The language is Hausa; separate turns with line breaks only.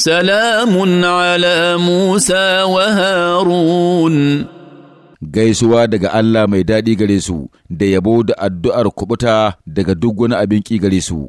سلام على موسى وهارون gaisuwa daga Allah mai daɗi gare su da yabo da addu'ar kubuta
daga duk wani abin ƙi gare su.